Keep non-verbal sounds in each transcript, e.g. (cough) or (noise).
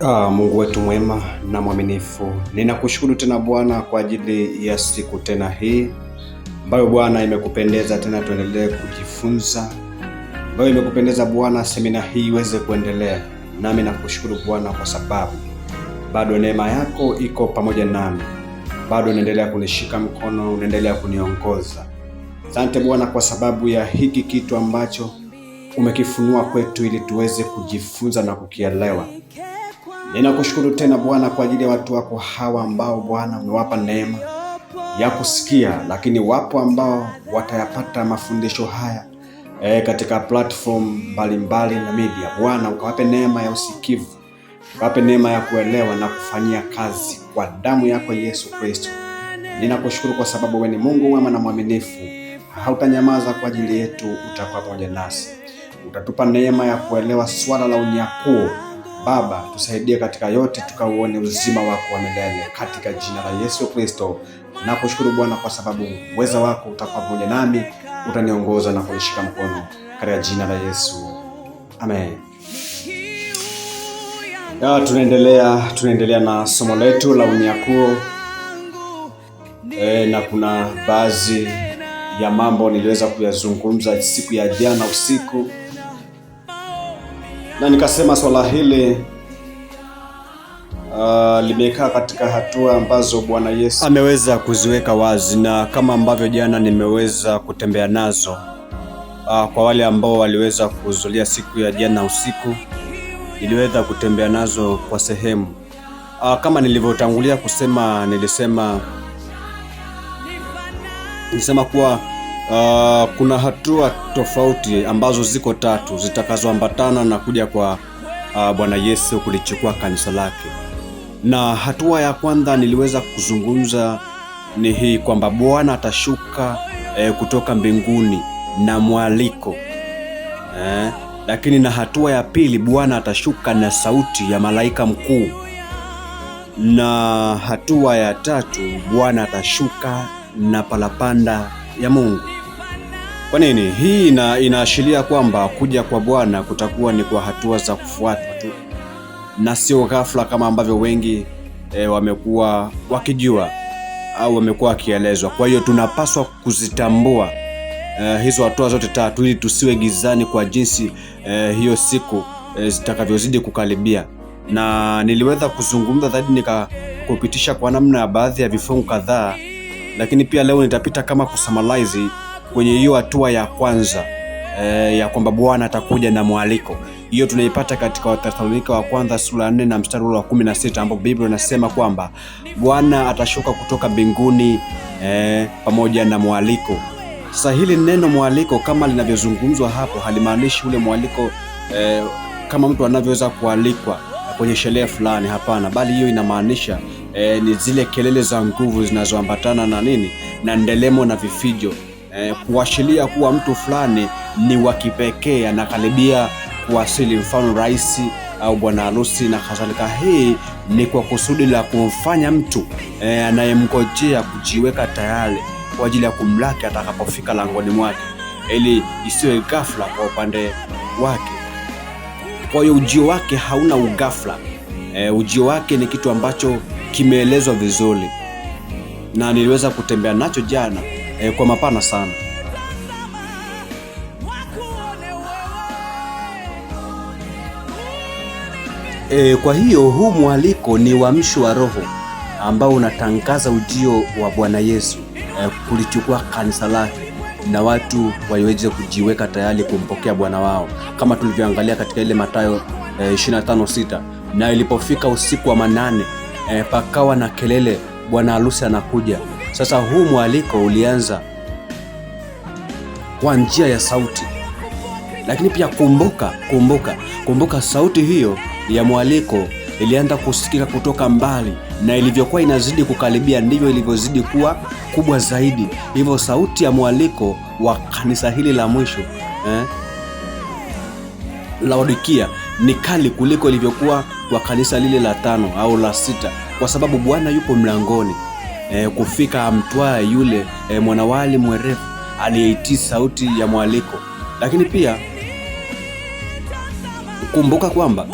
Ah, Mungu wetu mwema na mwaminifu, ninakushukuru tena Bwana kwa ajili ya siku tena hii ambayo Bwana imekupendeza tena tuendelee kujifunza, ambayo imekupendeza Bwana semina hii iweze kuendelea. Nami nakushukuru Bwana kwa sababu bado neema yako iko pamoja nami, bado unaendelea kunishika mkono, unaendelea kuniongoza. Asante Bwana kwa sababu ya hiki kitu ambacho umekifunua kwetu ili tuweze kujifunza na kukielewa Ninakushukuru tena Bwana kwa ajili ya watu wako hawa ambao Bwana umewapa neema ya kusikia, lakini wapo ambao watayapata mafundisho haya e, katika platform mbalimbali na media. Bwana ukawape neema ya usikivu, ukawape neema ya kuelewa na kufanyia kazi kwa damu yako Yesu Kristo. Ninakushukuru kwa sababu wewe ni Mungu mwema na mwaminifu, hautanyamaza kwa ajili yetu, utakuwa pamoja nasi, utatupa neema ya kuelewa swala la unyakuo Baba, tusaidie katika yote, tukauone uzima wako wa milele katika jina la Yesu Kristo. Nakushukuru Bwana kwa sababu uweza wako utakuwa pamoja nami, utaniongoza na kunishika mkono katika jina la Yesu, amen. Ya, tunaendelea tunaendelea na somo letu la unyakuo e, na kuna baadhi ya mambo niliweza kuyazungumza siku ya jana usiku na nikasema swala hili uh, limekaa katika hatua ambazo Bwana Yesu ameweza kuziweka wazi, na kama ambavyo jana nimeweza kutembea nazo uh, kwa wale ambao waliweza kuhudhuria siku ya jana usiku, niliweza kutembea nazo kwa sehemu uh, kama nilivyotangulia kusema, nilisema nilisema kuwa uh, kuna hatua tofauti ambazo ziko tatu zitakazoambatana na kuja kwa uh, Bwana Yesu kulichukua kanisa lake. Na hatua ya kwanza niliweza kuzungumza ni hii kwamba Bwana atashuka eh, kutoka mbinguni na mwaliko eh, lakini na hatua ya pili Bwana atashuka na sauti ya malaika mkuu, na hatua ya tatu Bwana atashuka na palapanda ya Mungu. Kwa nini? Hii ina, inaashiria kwamba kuja kwa Bwana kutakuwa ni kwa hatua za kufuatwa tu na sio ghafla kama ambavyo wengi e, wamekuwa wakijua au wamekuwa wakielezwa. Kwa hiyo tunapaswa kuzitambua e, hizo hatua zote tatu ili tusiwe gizani kwa jinsi e, hiyo siku e, zitakavyozidi kukaribia, na niliweza kuzungumza zaidi nikakupitisha kwa namna ya baadhi ya vifungu kadhaa lakini pia leo nitapita kama kusummarize kwenye hiyo hatua ya kwanza e, ya kwamba Bwana atakuja na mwaliko. Hiyo tunaipata katika Wathesalonika wa kwanza sura 4 na mstari wa 16 ambapo Biblia inasema kwamba Bwana atashuka kutoka mbinguni e, pamoja na mwaliko. Sasa hili neno mwaliko kama linavyozungumzwa hapo halimaanishi ule mwaliko e, kama mtu anavyoweza kualikwa kwenye sherehe fulani. Hapana, bali hiyo inamaanisha e, ni zile kelele za nguvu zinazoambatana na nini na ndelemo na vifijo e, kuashiria kuwa mtu fulani ni wa kipekee anakaribia kuwasili, mfano rais au bwana harusi na kadhalika. Hii ni kwa kusudi la kumfanya mtu e, eh, anayemgojea kujiweka tayari kwa ajili ya kumlaki atakapofika langoni mwake, ili isiwe ghafla kwa upande wake. Kwa hiyo ujio wake hauna ughafla E, ujio wake ni kitu ambacho kimeelezwa vizuri na niliweza kutembea nacho jana eh, kwa mapana sana. E, kwa hiyo huu mwaliko ni uamsho wa roho ambao unatangaza ujio wa Bwana Yesu e, kulichukua kanisa lake na watu waweze kujiweka tayari kumpokea Bwana wao kama tulivyoangalia katika ile Mathayo e, eh, 25:6 na ilipofika usiku wa manane eh, pakawa na kelele, bwana harusi anakuja. Sasa huu mwaliko ulianza kwa njia ya sauti, lakini pia kumbuka, kumbuka, kumbuka sauti hiyo ya mwaliko ilianza kusikika kutoka mbali, na ilivyokuwa inazidi kukaribia ndivyo ilivyozidi kuwa kubwa zaidi. Hivyo sauti ya mwaliko wa kanisa hili la mwisho eh, Laodikia ni kali kuliko ilivyokuwa kwa kanisa lile la tano au la sita, kwa sababu Bwana yupo mlangoni. E, kufika amtwae yule e, mwanawali mwerevu aliyeitii sauti ya mwaliko. Lakini pia kumbuka kwamba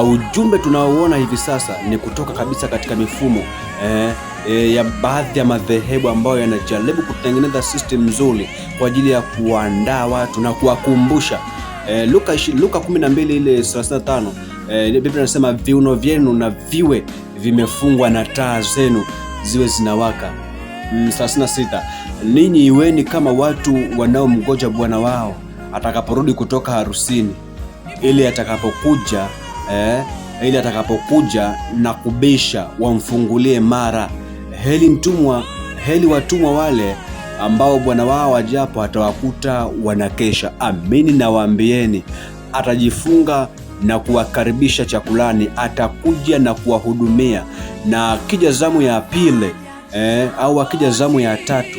uh, ujumbe tunaoona hivi sasa ni kutoka kabisa katika mifumo e, e, ya baadhi ya madhehebu ambayo yanajaribu kutengeneza system nzuri kwa ajili ya kuandaa watu na kuwakumbusha eh, Luka, 12 ile 35 eh, Biblia inasema viuno vyenu na viwe vimefungwa na taa zenu ziwe zinawaka. Mm, 36 ninyi iweni kama watu wanaomgoja bwana wao atakaporudi kutoka harusini ili atakapokuja eh, ili atakapokuja na kubisha wamfungulie mara. Heli mtumwa, heli watumwa wale ambao bwana wao ajapo atawakuta wanakesha. Amini nawaambieni, atajifunga na kuwakaribisha chakulani, atakuja na kuwahudumia, na akija zamu ya pili eh, au akija zamu ya tatu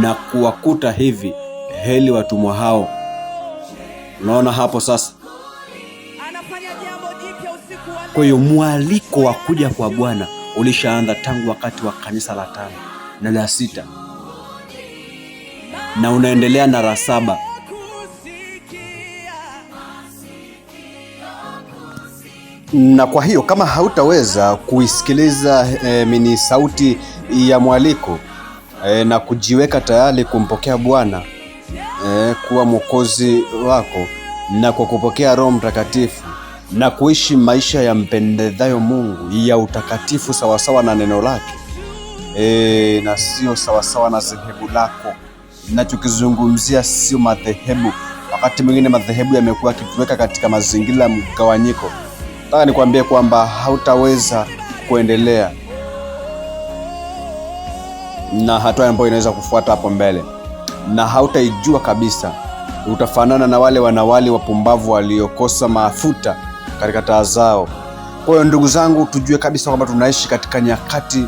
na kuwakuta hivi, heli watumwa hao. Unaona hapo sasa. Kwa hiyo mwaliko wa kuja kwa Bwana ulishaanza tangu wakati wa kanisa la tano na la sita na unaendelea na rasaba. Na kwa hiyo kama hautaweza kuisikiliza e, mini sauti ya mwaliko e, na kujiweka tayari kumpokea Bwana e, kuwa mwokozi wako na kwa kupokea Roho Mtakatifu na kuishi maisha ya mpendezayo Mungu ya utakatifu sawasawa na neno lake e, na sio sawasawa na dhehebu lako ninachokizungumzia sio madhehebu. Wakati mwingine madhehebu yamekuwa yakituweka katika mazingira ya mgawanyiko. Nataka nikuambie kwamba hautaweza kuendelea na hatua ambayo inaweza kufuata hapo mbele, na hautaijua kabisa. Utafanana na wale wanawali wapumbavu waliokosa mafuta katika taa zao. Kwa hiyo ndugu zangu, tujue kabisa kwamba tunaishi katika nyakati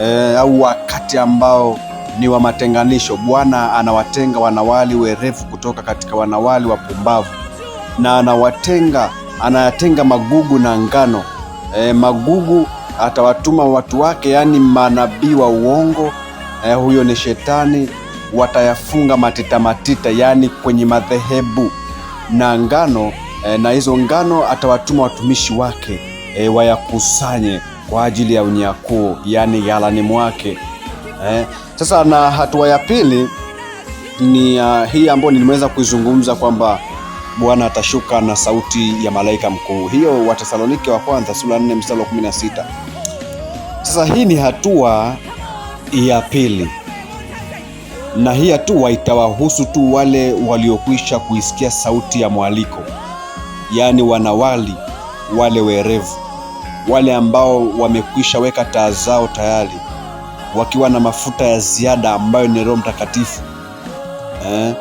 eh, au wakati ambao ni wa matenganisho. Bwana anawatenga wanawali werevu kutoka katika wanawali wapumbavu, na anawatenga anayatenga magugu na ngano. E, magugu atawatuma watu wake, yaani manabii wa uongo e, huyo ni shetani. Watayafunga matita matita, yaani kwenye madhehebu na ngano e, na hizo ngano atawatuma watumishi wake e, wayakusanye kwa ajili ya unyakuo, yaani yalani mwake eh. Sasa na hatua ya pili ni uh, hii ambayo nilimeweza kuizungumza kwamba Bwana atashuka na sauti ya malaika mkuu, hiyo Watesalonike wa kwanza sura 4 mstari wa 16. Sasa hii ni hatua ya pili, na hii hatua itawahusu tu wale waliokwisha kuisikia sauti ya mwaliko, yaani wanawali wale werevu, wale ambao wamekwisha weka taa zao tayari wakiwa na mafuta ya ziada ambayo ni Roho Mtakatifu eh,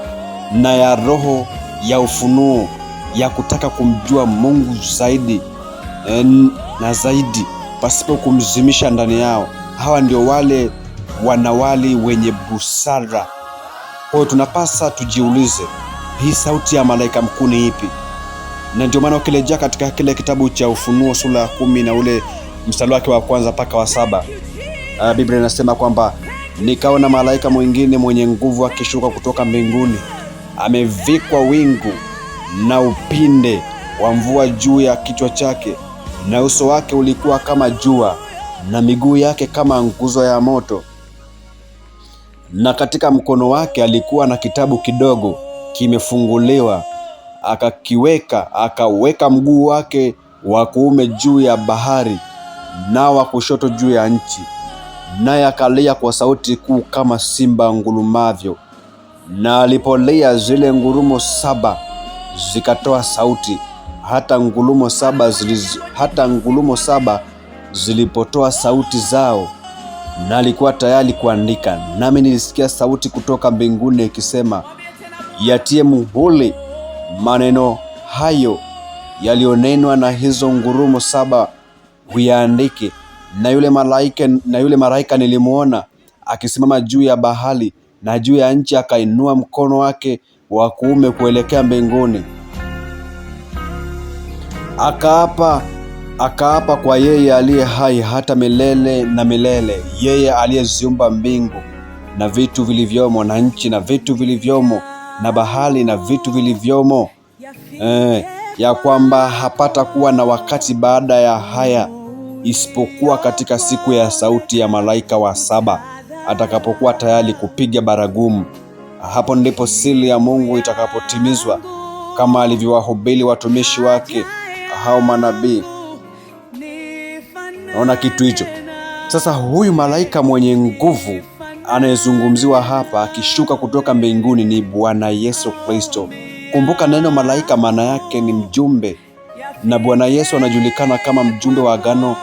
na ya roho ya ufunuo ya kutaka kumjua Mungu zaidi eh, na zaidi pasipo kumzimisha ndani yao. Hawa ndio wale wanawali wenye busara. Kwa hiyo tunapasa tujiulize, hii sauti ya malaika mkuu ni ipi? Na ndio maana ukirejea katika kile kitabu cha Ufunuo sura ya kumi na ule mstari wake wa kwanza mpaka wa saba uh, Biblia inasema kwamba nikaona malaika mwingine mwenye nguvu akishuka kutoka mbinguni, amevikwa wingu na upinde wa mvua juu ya kichwa chake, na uso wake ulikuwa kama jua, na miguu yake kama nguzo ya moto, na katika mkono wake alikuwa na kitabu kidogo kimefunguliwa, akakiweka, akaweka mguu wake wa kuume juu ya bahari na wa kushoto juu ya nchi naye akalia kwa sauti kuu kama simba ngurumavyo. Na alipolia zile ngurumo saba zikatoa sauti, hata ngurumo saba ziliz... hata ngurumo saba zilipotoa sauti zao, na alikuwa tayari kuandika. Nami nilisikia sauti kutoka mbinguni ikisema, yatie muhuri maneno hayo yaliyonenwa na hizo ngurumo saba, huyaandike na yule malaika, na yule malaika nilimwona akisimama juu ya bahari na juu ya nchi, akainua mkono wake wa kuume kuelekea mbinguni, akaapa akaapa kwa yeye aliye hai hata milele na milele, yeye aliyeziumba mbingu na vitu vilivyomo, na nchi na vitu vilivyomo, na bahari na vitu vilivyomo, eh, ya kwamba hapata kuwa na wakati baada ya haya isipokuwa katika siku ya sauti ya malaika wa saba atakapokuwa tayari kupiga baragumu. Hapo ndipo siri ya Mungu itakapotimizwa kama alivyowahubiri watumishi wake hao manabii. Naona kitu hicho. Sasa huyu malaika mwenye nguvu anayezungumziwa hapa akishuka kutoka mbinguni ni Bwana Yesu Kristo. Kumbuka neno malaika maana yake ni mjumbe, na Bwana Yesu anajulikana kama mjumbe wa agano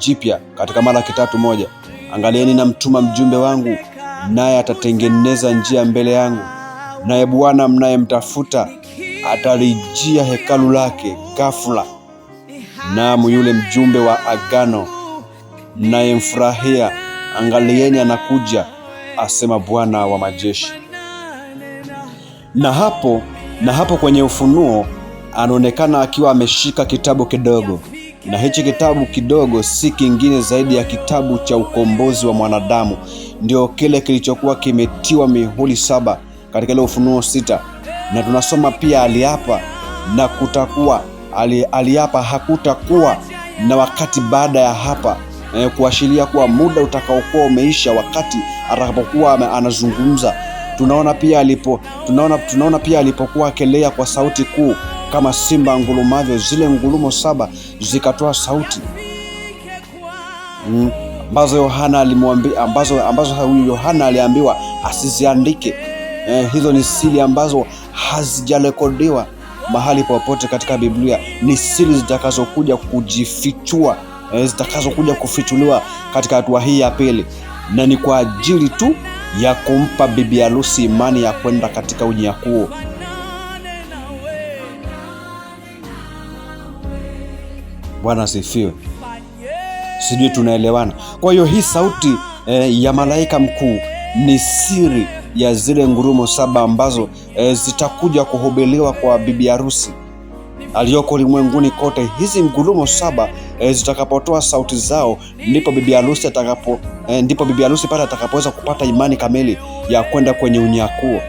jipya katika mara kitatu moja. Angalieni, namtuma mjumbe wangu, naye atatengeneza njia mbele yangu. Naye Bwana mnayemtafuta atalijia hekalu lake ghafula. Naam, yule mjumbe wa agano mnayemfurahia, angalieni, anakuja, asema Bwana wa majeshi. Na hapo na hapo kwenye Ufunuo anaonekana akiwa ameshika kitabu kidogo na hichi kitabu kidogo si kingine zaidi ya kitabu cha ukombozi wa mwanadamu, ndio kile kilichokuwa kimetiwa mihuri saba katika ile Ufunuo sita. Na tunasoma pia aliapa na kutakuwa ali, aliapa hakutakuwa na wakati baada ya hapa eh, kuashiria kuwa muda utakaokuwa umeisha wakati atakapokuwa anazungumza. Tunaona pia alipo, tunaona, tunaona pia alipokuwa akelea kwa sauti kuu kama simba ngulumavyo zile ngulumo saba zikatoa sauti mm, ambazo Yohana alimwambia, ambazo ambazo huyu Yohana aliambiwa asiziandike. Eh, hizo ni siri ambazo hazijarekodiwa mahali popote katika Biblia. Ni siri zitakazokuja kujifichua, eh, zitakazokuja kufichuliwa katika hatua hii ya pili, na ni kwa ajili tu ya kumpa bibi harusi imani ya kwenda katika unyakuo. Bwana asifiwe, sijui tunaelewana. Kwa hiyo hii sauti eh, ya malaika mkuu ni siri ya zile ngurumo saba ambazo eh, zitakuja kuhubiliwa kwa bibi harusi aliyoko ulimwenguni kote. Hizi ngurumo saba eh, zitakapotoa sauti zao, ndipo bibi harusi atakapo eh, ndipo bibi harusi pale atakapoweza kupata imani kamili ya kwenda kwenye unyakuo.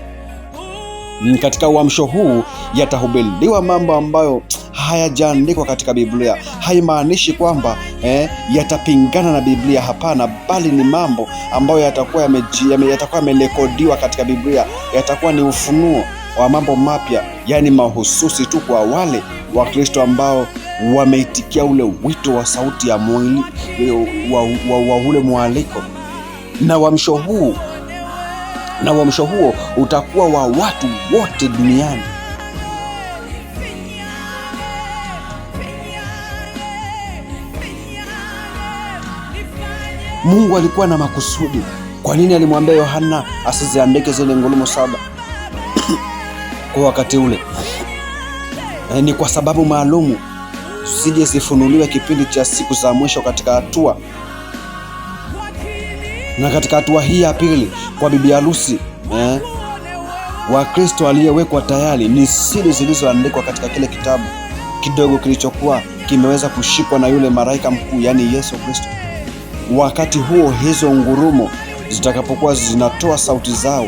Katika uamsho huu yatahubiliwa mambo ambayo hayajaandikwa katika Biblia. Haimaanishi kwamba eh, yatapingana na Biblia, hapana, bali ni mambo ambayo yatakuwa yamerekodiwa katika Biblia, yatakuwa ni ufunuo wa mambo mapya, yaani mahususi tu kwa wale Wakristo ambao wameitikia ule wito wa sauti ya mwili wa, wa, wa ule mwaliko na uamsho huu na uamsho huo utakuwa wa watu wote duniani. Mungu alikuwa na makusudi. Kwa nini alimwambia Yohana asiziandike zile ngurumo saba (clears throat) kwa wakati ule? E, ni kwa sababu maalumu zije zifunuliwe kipindi cha siku za mwisho katika hatua na katika hatua hii ya pili kwa bibi harusi eh, Wakristo aliyewekwa tayari ni siri zilizoandikwa katika kile kitabu kidogo kilichokuwa kimeweza kushikwa na yule malaika mkuu, yaani Yesu Kristo. Wakati huo hizo ngurumo zitakapokuwa zinatoa sauti zao,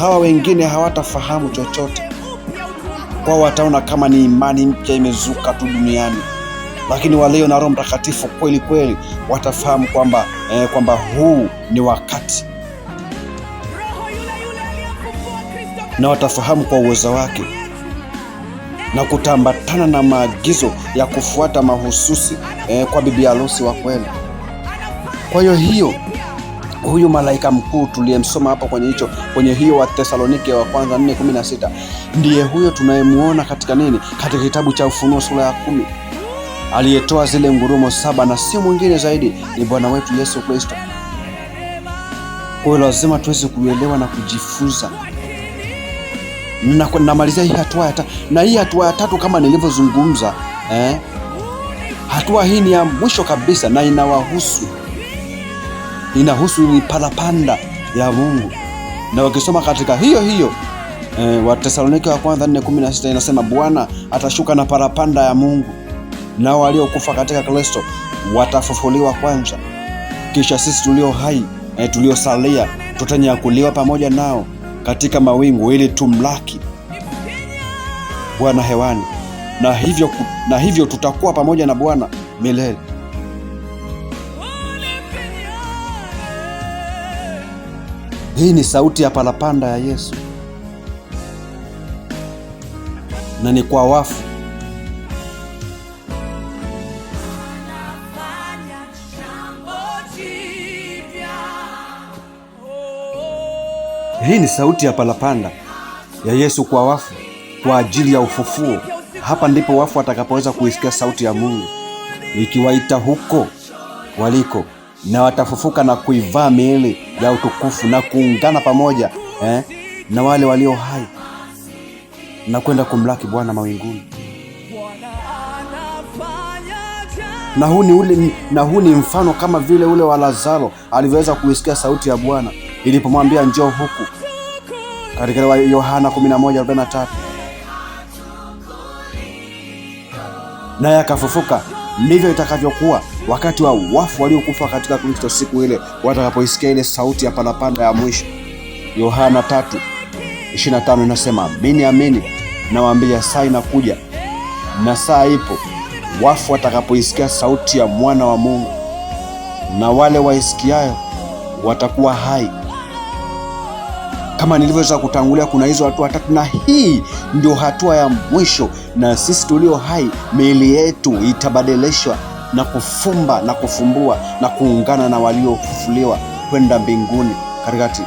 hawa wengine hawatafahamu chochote. Kwao wataona kama ni imani mpya imezuka tu duniani, lakini walio na Roho Mtakatifu kweli kweli watafahamu kwamba eh, kwamba huu ni wakati na watafahamu kwa uwezo wake na kutambatana na maagizo ya kufuata mahususi eh, kwa bibi harusi wa kweli. Kwa hiyo hiyo huyu malaika mkuu tuliyemsoma hapo kwenye hicho kwenye hiyo wa Thesalonike wa kwanza 4:16 ndiye huyo tunayemuona katika nini, katika kitabu cha Ufunuo sura ya kumi, aliyetoa zile ngurumo saba na si mwingine zaidi ni Bwana wetu Yesu Kristo. Kwa hiyo lazima tuweze kuelewa na kujifunza na, namalizia hii hatua ya tatu, na hii hatua ya tatu kama nilivyozungumza eh, hatua hii ni ya mwisho kabisa na inawahusu inahusu ni parapanda ya Mungu, na wakisoma katika hiyo hiyo e, eh, Watesalonike wa kwanza 4:16 inasema Bwana atashuka na parapanda ya Mungu, nao waliokufa katika Kristo watafufuliwa kwanza, kisha sisi tulio hai e, tuliosalia tutanyakuliwa pamoja nao katika mawingu ili tumlaki Bwana hewani, na hivyo, na hivyo tutakuwa pamoja na Bwana milele. Hii ni sauti ya parapanda ya Yesu, na ni kwa wafu. Oh. Hii ni sauti ya parapanda ya Yesu kwa wafu kwa ajili ya ufufuo. Hapa ndipo wafu watakapoweza kuisikia sauti ya Mungu ikiwaita huko waliko, na watafufuka na kuivaa miili ya utukufu na kuungana pamoja eh, na wale walio hai na kwenda kumlaki Bwana mawinguni. Na huu ni ule, na huu ni mfano kama vile ule wa Lazaro alivyoweza kuisikia sauti ya Bwana ilipomwambia njoo huku, katika wa Yohana 11:43 naye akafufuka. Ndivyo itakavyokuwa wakati wa wafu waliokufa katika Kristo siku ile watakapoisikia ile sauti ya parapanda ya mwisho. Yohana 3:25 inasema amini, amini nawaambia, saa inakuja na saa ipo, wafu watakapoisikia sauti ya mwana wa Mungu, na wale waisikiayo watakuwa hai. Kama nilivyoweza kutangulia, kuna hizo hatua tatu, na hii ndio hatua ya mwisho, na sisi tulio hai miili yetu itabadilishwa na kufumba na kufumbua na kuungana na waliofufuliwa kwenda mbinguni katikati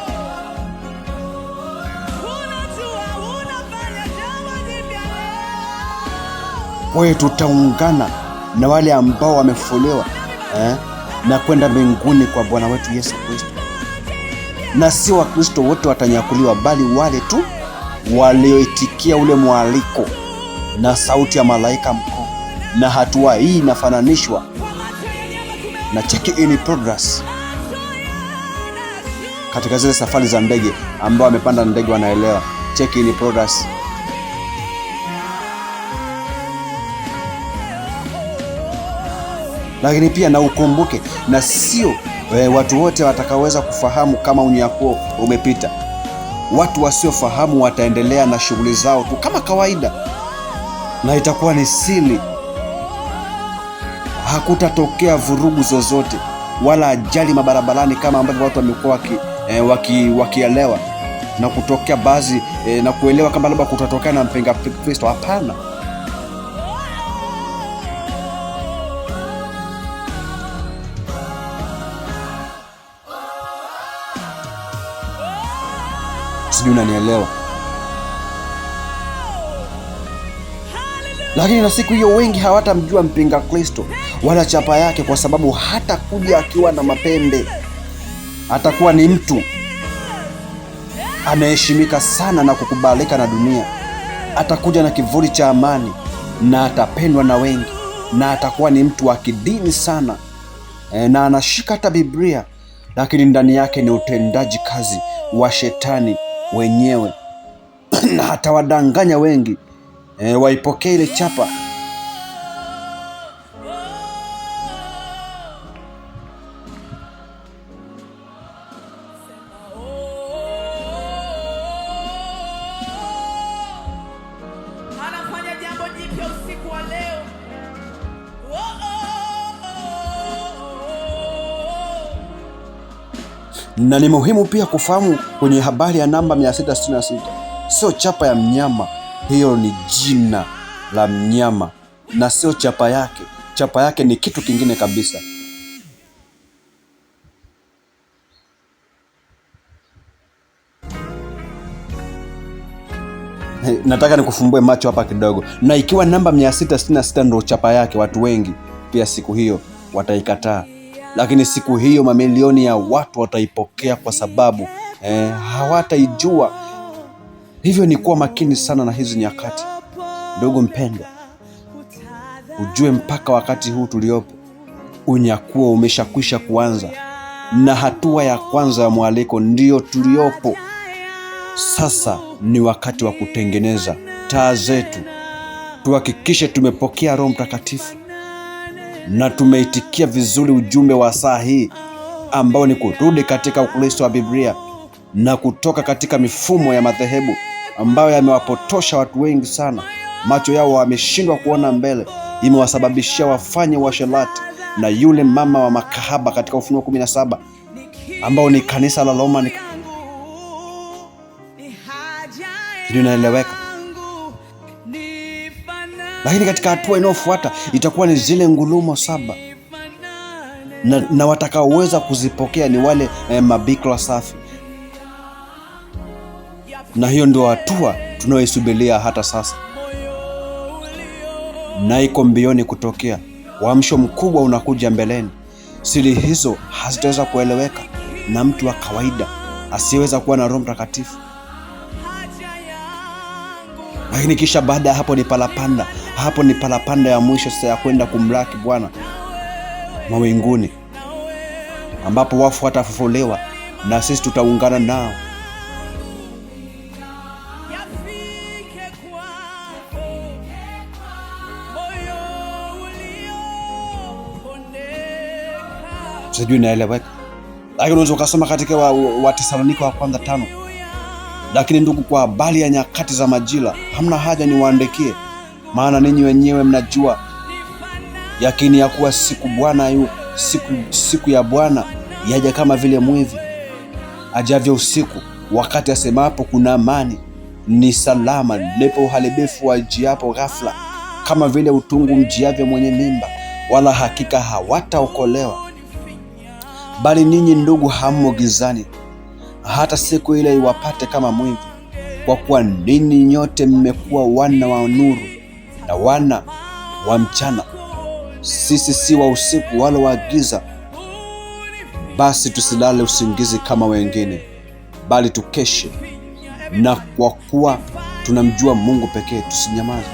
kwa tutaungana na wale ambao wamefufuliwa eh, na kwenda mbinguni kwa Bwana wetu Yesu Kristo, na si Wakristo wote watanyakuliwa, bali wale tu walioitikia ule mwaliko na sauti ya malaika mkuu na hatua hii inafananishwa na check in progress katika zile safari za ndege, ambao wamepanda ndege wanaelewa check in progress. Lakini pia na ukumbuke, na sio e, watu wote watakaweza kufahamu kama unyakuo umepita. Watu wasiofahamu wataendelea na shughuli zao tu kama kawaida, na itakuwa ni siri hakutatokea vurugu zozote wala ajali mabarabarani kama ambavyo watu wamekuwa wakielewa eh, waki, wakielewa na kutokea baadhi e, na kuelewa kama labda kutatokea na mpinga Kristo. Hapana, sijui unanielewa. lakini na siku hiyo wengi hawatamjua mpinga Kristo wala chapa yake, kwa sababu hata kuja akiwa na mapembe, atakuwa ni mtu anaheshimika sana na kukubalika na dunia. Atakuja na kivuli cha amani na atapendwa na wengi, na atakuwa ni mtu wa kidini sana e, na anashika hata Biblia, lakini ndani yake ni utendaji kazi wa shetani wenyewe (clears throat) na atawadanganya wengi e, waipokee ile chapa na ni muhimu pia kufahamu kwenye habari ya namba 666 sio chapa ya mnyama hiyo ni jina la mnyama na sio chapa yake. Chapa yake ni kitu kingine kabisa. Hey, eh, nataka nikufumbue macho hapa kidogo. Na ikiwa namba 666 ndo chapa yake, watu wengi pia siku hiyo wataikataa, lakini siku hiyo mamilioni ya watu wataipokea kwa sababu eh, hawataijua Hivyo ni kuwa makini sana na hizi nyakati. Ndugu mpendwa, ujue mpaka wakati huu tuliopo unyakuo umeshakwisha kuanza, na hatua ya kwanza ya mwaliko ndiyo tuliopo sasa. Ni wakati wa kutengeneza taa zetu, tuhakikishe tumepokea Roho Mtakatifu na tumeitikia vizuri ujumbe wa saa hii ambao ni kurudi katika Ukristo wa Biblia na kutoka katika mifumo ya madhehebu ambayo yamewapotosha watu wengi sana. Macho yao wameshindwa kuona mbele, imewasababishia wafanye uasherati na yule mama wa makahaba katika Ufunuo kumi na saba ambao ni kanisa la Roma. Linaeleweka, lakini katika hatua inayofuata itakuwa ni zile ngulumo saba na, na watakaoweza kuzipokea ni wale eh, mabikira safi na hiyo ndio hatua tunayoisubiria hata sasa, na iko mbioni kutokea. Uamsho mkubwa unakuja mbeleni. Siri hizo hazitaweza kueleweka na mtu wa kawaida asiyeweza kuwa na Roho Mtakatifu. Lakini kisha baada ya hapo ni palapanda hapo ni palapanda ya mwisho sasa ya kwenda kumlaki Bwana mawinguni, ambapo wafu watafufuliwa na sisi tutaungana nao. sijui naeleweka, lakini unaweza ukasoma katika Watesalonika wa, wa kwanza tano, lakini ndugu, kwa habari ya nyakati za majira hamna haja niwaandikie, maana ninyi wenyewe mnajua yakini ya kuwa siku Bwana yu siku, siku ya Bwana yaja kama vile mwivi ajavyo usiku. Wakati asemapo kuna amani ni salama, ndipo uharibifu wajiapo ghafla, kama vile utungu mjiavyo mwenye mimba, wala hakika hawataokolewa Bali ninyi ndugu, hammo gizani, hata siku ile iwapate kama mwivi. Kwa kuwa ninyi nyote mmekuwa wana wa nuru na wana wa mchana. Sisi si wa usiku wala wa giza, basi tusilale usingizi kama wengine, bali tukeshe. Na kwa kuwa tunamjua Mungu pekee, tusinyamaze.